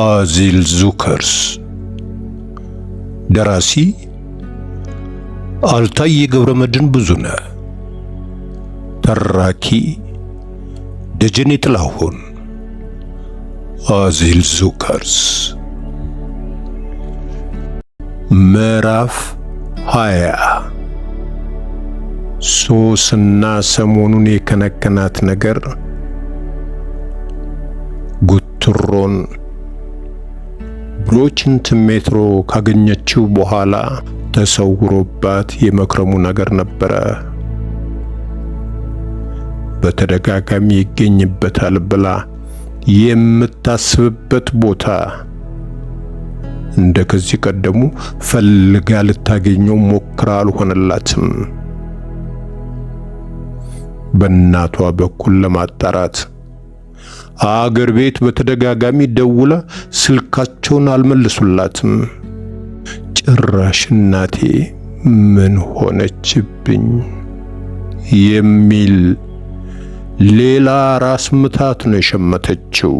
አዚል ዙከርስ ደራሲ አልታይ የገብረመድህን ብዙነህ ተራኪ ደጀኔ ጥላሁን አዚል ዙከርስ ምዕራፍ ሃያ ሶስና ሰሞኑን የከነከናት ነገር ጉትሮን የብሎችን ትሜትሮ ካገኘችው በኋላ ተሰውሮባት የመክረሙ ነገር ነበረ። በተደጋጋሚ ይገኝበታል ብላ የምታስብበት ቦታ እንደ ከዚህ ቀደሙ ፈልጋ ልታገኘው ሞክራ አልሆነላትም። በእናቷ በኩል ለማጣራት አገር ቤት በተደጋጋሚ ደውላ ስልካቸውን አልመልሱላትም። ጭራሽ እናቴ ምን ሆነችብኝ የሚል ሌላ ራስ ምታት ነው የሸመተችው።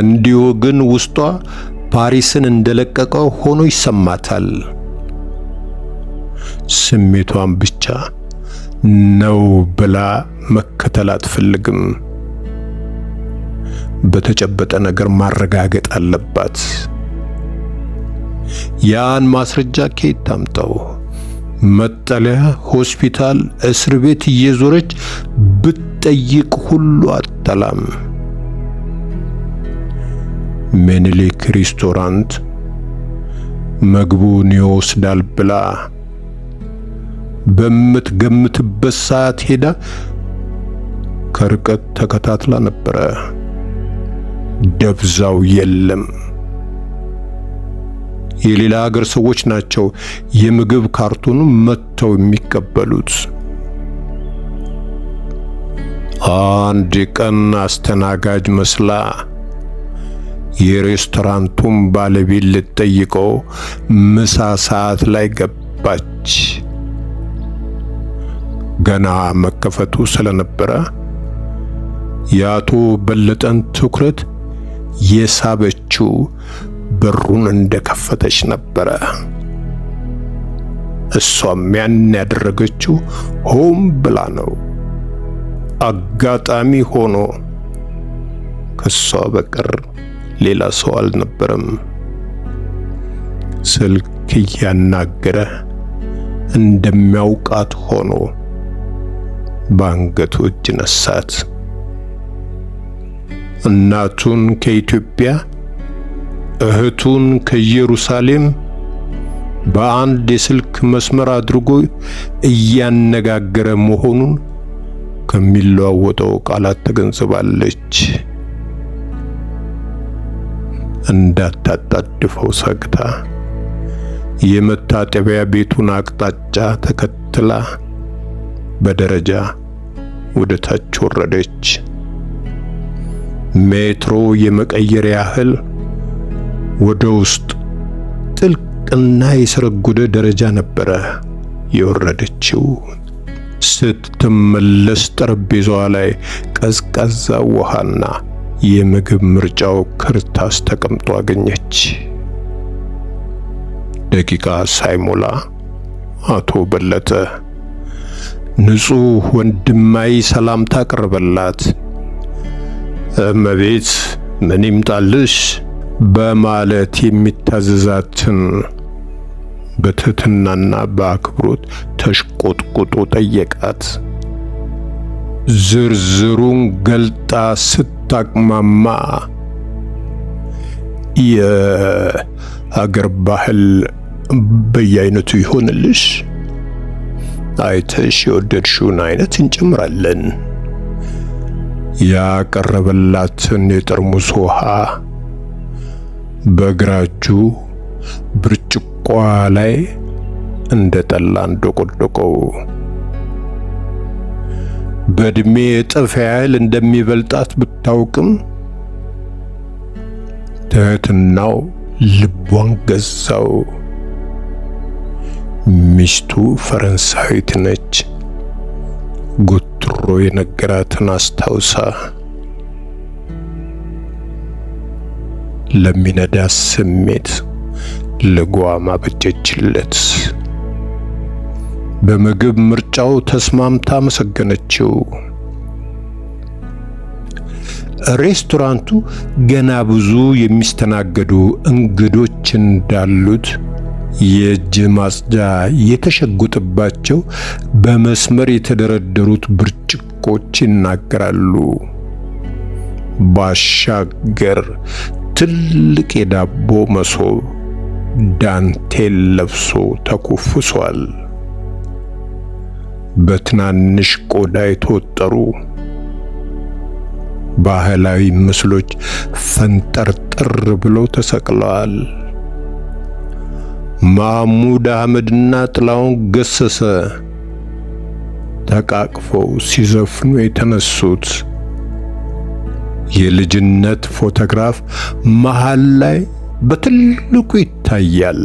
እንዲሁ ግን ውስጧ ፓሪስን እንደለቀቀ ሆኖ ይሰማታል። ስሜቷን ብቻ ነው ብላ መከተል አትፈልግም። በተጨበጠ ነገር ማረጋገጥ አለባት። ያን ማስረጃ ከየት ታምጣው? መጠለያ፣ ሆስፒታል፣ እስር ቤት እየዞረች ብትጠይቅ ሁሉ አጠላም። ሜኒሊክ ሬስቶራንት ምግቡን ይወስዳል ብላ በምትገምትበት ሰዓት ሄዳ ከርቀት ተከታትላ ነበረ። ደብዛው የለም። የሌላ ሀገር ሰዎች ናቸው የምግብ ካርቶኑ መጥተው የሚቀበሉት። አንድ ቀን አስተናጋጅ መስላ የሬስቶራንቱን ባለቤት ልትጠይቀው ምሳ ሰዓት ላይ ገባች። ገና መከፈቱ ስለነበረ የአቶ በለጠን ትኩረት የሳበችው በሩን እንደከፈተች ነበረ። እሷም ያን ያደረገችው ሆም ብላ ነው። አጋጣሚ ሆኖ ከሷ በቀር ሌላ ሰው አልነበረም። ስልክ እያናገረ እንደሚያውቃት ሆኖ በአንገቱ እጅ ነሳት። እናቱን ከኢትዮጵያ እህቱን ከኢየሩሳሌም በአንድ የስልክ መስመር አድርጎ እያነጋገረ መሆኑን ከሚለዋወጠው ቃላት ተገንዝባለች። እንዳታጣድፈው ሰግታ የመታጠቢያ ቤቱን አቅጣጫ ተከትላ በደረጃ ወደ ታች ወረደች። ሜትሮ የመቀየር ያህል ወደ ውስጥ ጥልቅና የሰረጎደ ደረጃ ነበረ የወረደችው። ስትመለስ ጠረጴዛዋ ላይ ቀዝቃዛ ውሃና የምግብ ምርጫው ክርታስ ተቀምጦ አገኘች። ደቂቃ ሳይሞላ አቶ በለጠ ንጹሕ ወንድማዊ ሰላምታ ቀረበላት። እመቤት ምን ይምጣልሽ በማለት የሚታዘዛትን በትህትናና በአክብሮት ተሽቆጥቁጦ ጠየቃት። ዝርዝሩን ገልጣ ስታቅማማ የአገር ባህል በየአይነቱ ይሆንልሽ አይተሽ የወደድሽውን አይነት እንጨምራለን። ያቀረበላትን የጠርሙስ ውሃ በእግራጁ ብርጭቋ ላይ እንደ ጠላ እንደቆደቆው በእድሜ እጥፍ ያህል እንደሚበልጣት ብታውቅም ትህትናው ልቧን ገዛው። ሚስቱ ፈረንሳዊት ነች። ጉትሮ የነገራትን አስታውሳ ለሚነዳ ስሜት ልጓም አበጀችለት። በምግብ ምርጫው ተስማምታ አመሰገነችው። ሬስቶራንቱ ገና ብዙ የሚስተናገዱ እንግዶች እንዳሉት የእጅ ማጽጃ የተሸጎጠባቸው በመስመር የተደረደሩት ብርጭቆች ይናገራሉ። ባሻገር ትልቅ የዳቦ መሶብ ዳንቴል ለብሶ ተኮፍሷል። በትናንሽ ቆዳ የተወጠሩ ባህላዊ ምስሎች ፈንጠርጥር ብለው ተሰቅለዋል። ማሙድ አህመድና ጥላውን ገሰሰ ተቃቅፈው ሲዘፍኑ የተነሱት የልጅነት ፎቶግራፍ መሃል ላይ በትልቁ ይታያል።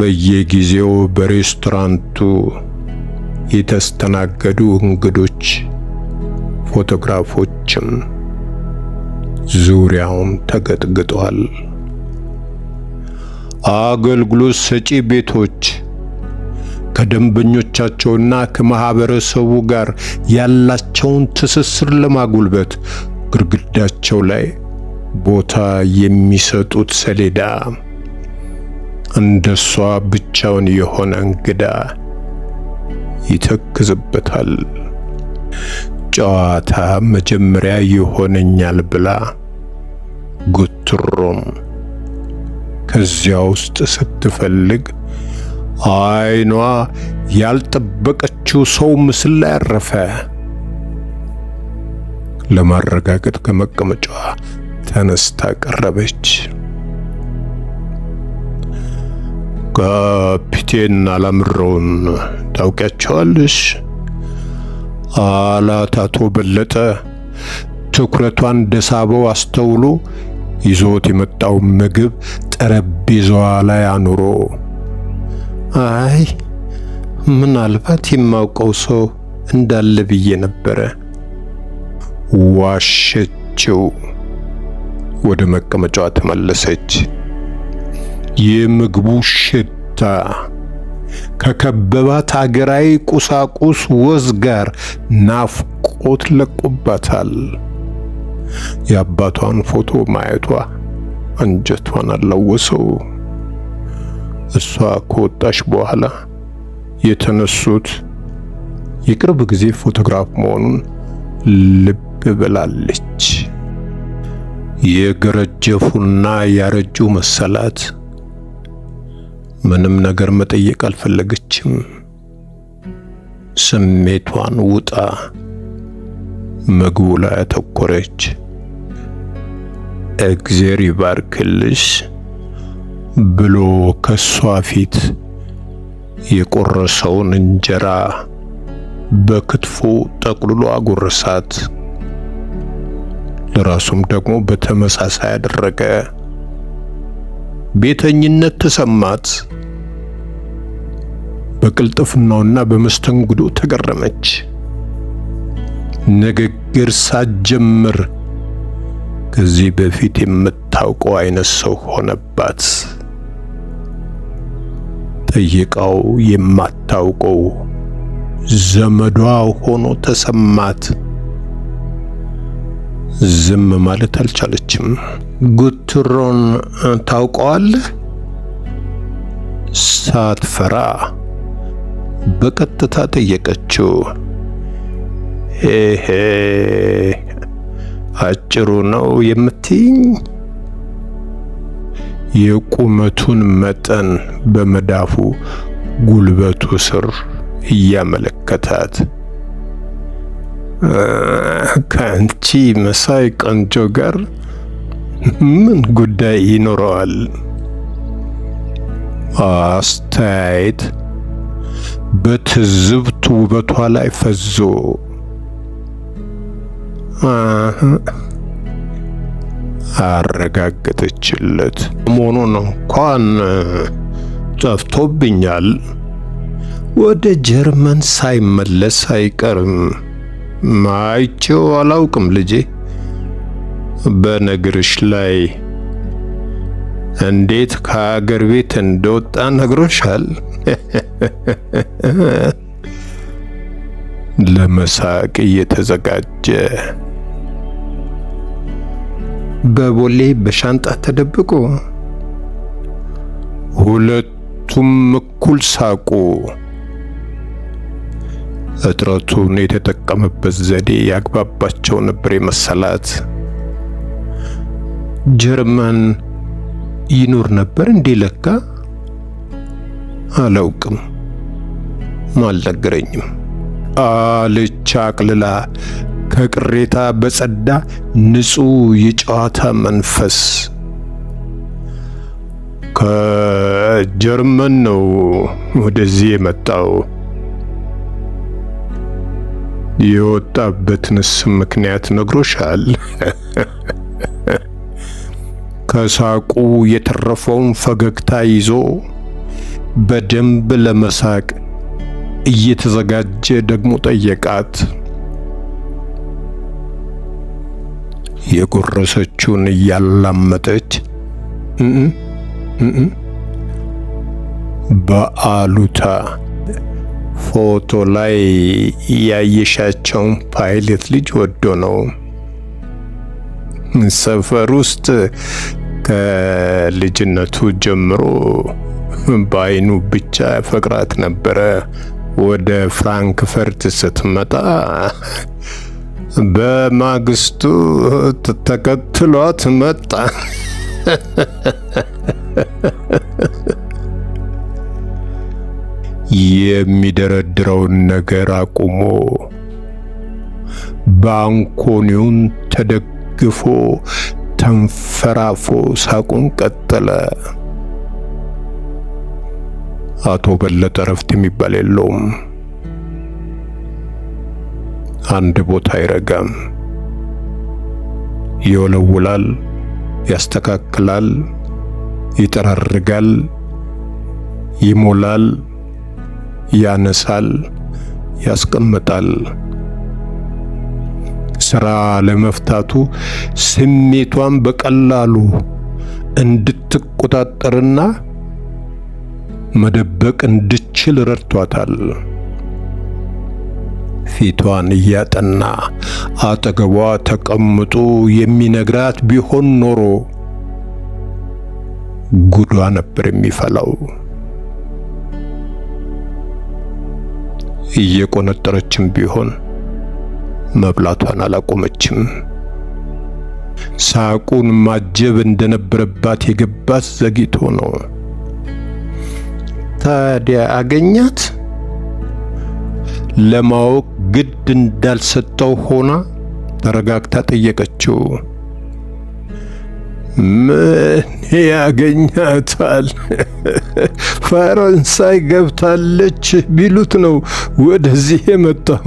በየጊዜው በሬስቶራንቱ የተስተናገዱ እንግዶች ፎቶግራፎችም ዙሪያውን ተገጥግጧል። አገልግሎት ሰጪ ቤቶች ከደንበኞቻቸውና ከማህበረሰቡ ጋር ያላቸውን ትስስር ለማጉልበት ግድግዳቸው ላይ ቦታ የሚሰጡት ሰሌዳ፣ እንደሷ ብቻውን የሆነ እንግዳ ይተክዝበታል። ጨዋታ መጀመሪያ ይሆነኛል ብላ ጉትሮም ከዚያ ውስጥ ስትፈልግ አይኗ ያልጠበቀችው ሰው ምስል ላይ አረፈ። ለማረጋገጥ ከመቀመጫዋ ተነስታ ቀረበች። ካፒቴን አላምረውን ታውቂያቸዋለሽ? አላት አቶ በለጠ ትኩረቷን ደሳበው አስተውሎ ይዞት የመጣው ምግብ ጠረጴዛዋ ላይ አኑሮ አይ ምናልባት የማውቀው ሰው እንዳለ ብዬ ነበረ። ዋሸችው። ወደ መቀመጫዋ ተመለሰች። የምግቡ ሽታ ከከበባት አገራዊ ቁሳቁስ ወዝ ጋር ናፍቆት ለቆባታል። የአባቷን ፎቶ ማየቷ አንጀቷን አላወሰው። እሷ ከወጣች በኋላ የተነሱት የቅርብ ጊዜ ፎቶግራፍ መሆኑን ልብ ብላለች። የገረጀፉና ያረጁ መሰላት። ምንም ነገር መጠየቅ አልፈለገችም። ስሜቷን ውጣ ምግቡ ላይ አተኮረች። እግዜር ይባርክልሽ ብሎ ከሷ ፊት የቆረሰውን እንጀራ በክትፎ ጠቅልሎ አጎረሳት። ለራሱም ደግሞ በተመሳሳይ አደረገ። ቤተኝነት ተሰማት። በቅልጥፍናውና በመስተንግዶ ተገረመች። ንግግር ሳትጀምር ከዚህ በፊት የምታውቀው አይነት ሰው ሆነባት። ጠይቃው የማታውቀው ዘመዷ ሆኖ ተሰማት። ዝም ማለት አልቻለችም። ጉትሮን ታውቀዋል ሳትፈራ በቀጥታ ጠየቀችው። ሄሄ አጭሩ ነው የምትይኝ? የቁመቱን መጠን በመዳፉ ጉልበቱ ስር እያመለከታት ከአንቺ መሳይ ቆንጆ ጋር ምን ጉዳይ ይኖረዋል? አስተያየት በትዝብት ውበቷ ላይ ፈዞ አረጋገጠችለት። መሆኑን እንኳን ጠፍቶብኛል። ወደ ጀርመን ሳይመለስ አይቀርም። አይቼው አላውቅም ልጄ። በነግርሽ ላይ እንዴት ከአገር ቤት እንደወጣ ነግሮሻል? ለመሳቅ እየተዘጋጀ በቦሌ በሻንጣ ተደብቆ ሁለቱም እኩል ሳቁ። እጥረቱን የተጠቀመበት ዘዴ ያግባባቸው ነበር የመሰላት። ጀርመን ይኖር ነበር እንዴ? ለካ አላውቅም፣ አልነገረኝም አለች አቅልላ ከቅሬታ በጸዳ ንጹሕ የጨዋታ መንፈስ ከጀርመን ነው ወደዚህ የመጣው። የወጣበትንስ ምክንያት ነግሮሻል? ከሳቁ የተረፈውን ፈገግታ ይዞ በደንብ ለመሳቅ እየተዘጋጀ ደግሞ ጠየቃት። የጎረሰችውን እያላመጠች በአሉታ ፎቶ ላይ ያየሻቸውን ፓይለት ልጅ ወዶ ነው። ሰፈር ውስጥ ከልጅነቱ ጀምሮ በአይኑ ብቻ ፈቅራት ነበረ። ወደ ፍራንክፈርት ስትመጣ በማግስቱ ተከትሏት መጣ። የሚደረድረውን ነገር አቁሞ ባንኮኒውን ተደግፎ ተንፈራፎ ሳቁን ቀጠለ። አቶ በለጠ እረፍት የሚባል የለውም። አንድ ቦታ አይረጋም። ይወለውላል፣ ያስተካክላል፣ ይጠራርጋል፣ ይሞላል፣ ያነሳል፣ ያስቀምጣል። ሥራ ለመፍታቱ ስሜቷን በቀላሉ እንድትቆጣጠርና መደበቅ እንድችል ረድቷታል። ፊቷን እያጠና አጠገቧ ተቀምጦ የሚነግራት ቢሆን ኖሮ ጉዷ ነበር የሚፈላው። እየቆነጠረችም ቢሆን መብላቷን አላቆመችም። ሳቁን ማጀብ እንደነበረባት የገባት ዘግይቶ ነው። ታዲያ አገኛት ለማወቅ ግድ እንዳልሰጠው ሆና ተረጋግታ ጠየቀችው። ምን ያገኛታል? ፈረንሳይ ገብታለች ቢሉት ነው ወደዚህ የመጣው።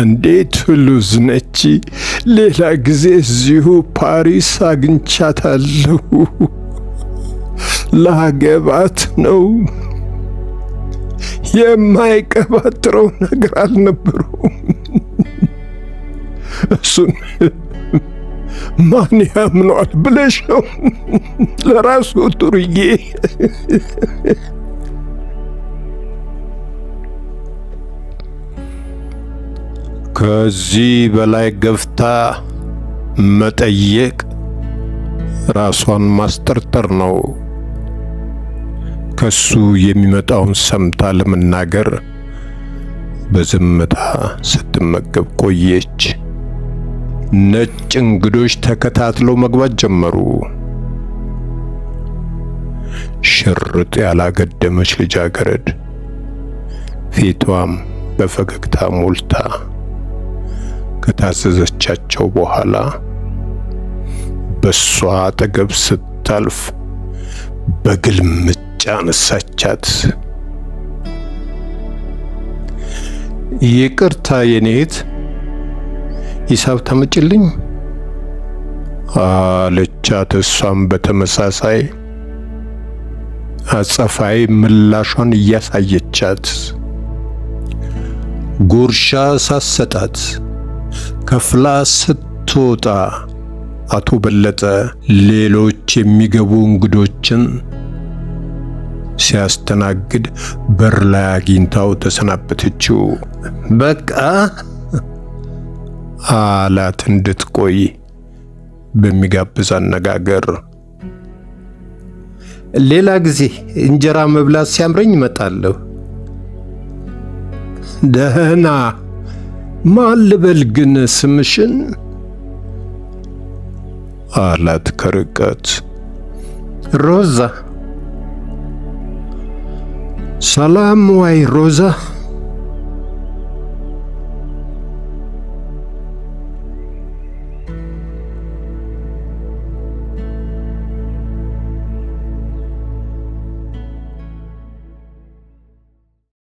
አንዴት ሉዝ ነች፣ ሌላ ጊዜ እዚሁ ፓሪስ አግኝቻታለሁ። ላገባት ነው የማይቀባጥረው ነገር አልነበረውም። እሱን ማን ያምኗል ብለሽ ነው ለራሱ ጥሩዬ። ከዚህ በላይ ገፍታ መጠየቅ ራሷን ማስጠርጠር ነው። ከሱ የሚመጣውን ሰምታ ለመናገር በዝምታ ስትመገብ ቆየች። ነጭ እንግዶች ተከታትለው መግባት ጀመሩ። ሽርጥ ያላገደመች ልጃገረድ ፊቷም በፈገግታ ሞልታ ከታዘዘቻቸው በኋላ በሷ አጠገብ ስታልፍ በግልምት አነሳቻት። ይቅርታ የኔ እህት ሂሳብ ታመጭልኝ አለቻት። እሷም በተመሳሳይ አጸፋይ ምላሿን እያሳየቻት ጉርሻ ሳሰጣት ከፍላ ስትወጣ አቶ በለጠ ሌሎች የሚገቡ እንግዶችን ሲያስተናግድ በር ላይ አግኝታው ተሰናበተችው። በቃ አላት እንድትቆይ በሚጋብዝ አነጋገር። ሌላ ጊዜ እንጀራ መብላት ሲያምረኝ እመጣለሁ። ደህና ማን ልበል ግን ስምሽን? አላት ከርቀት ሮዛ Salam, Wai Rosa.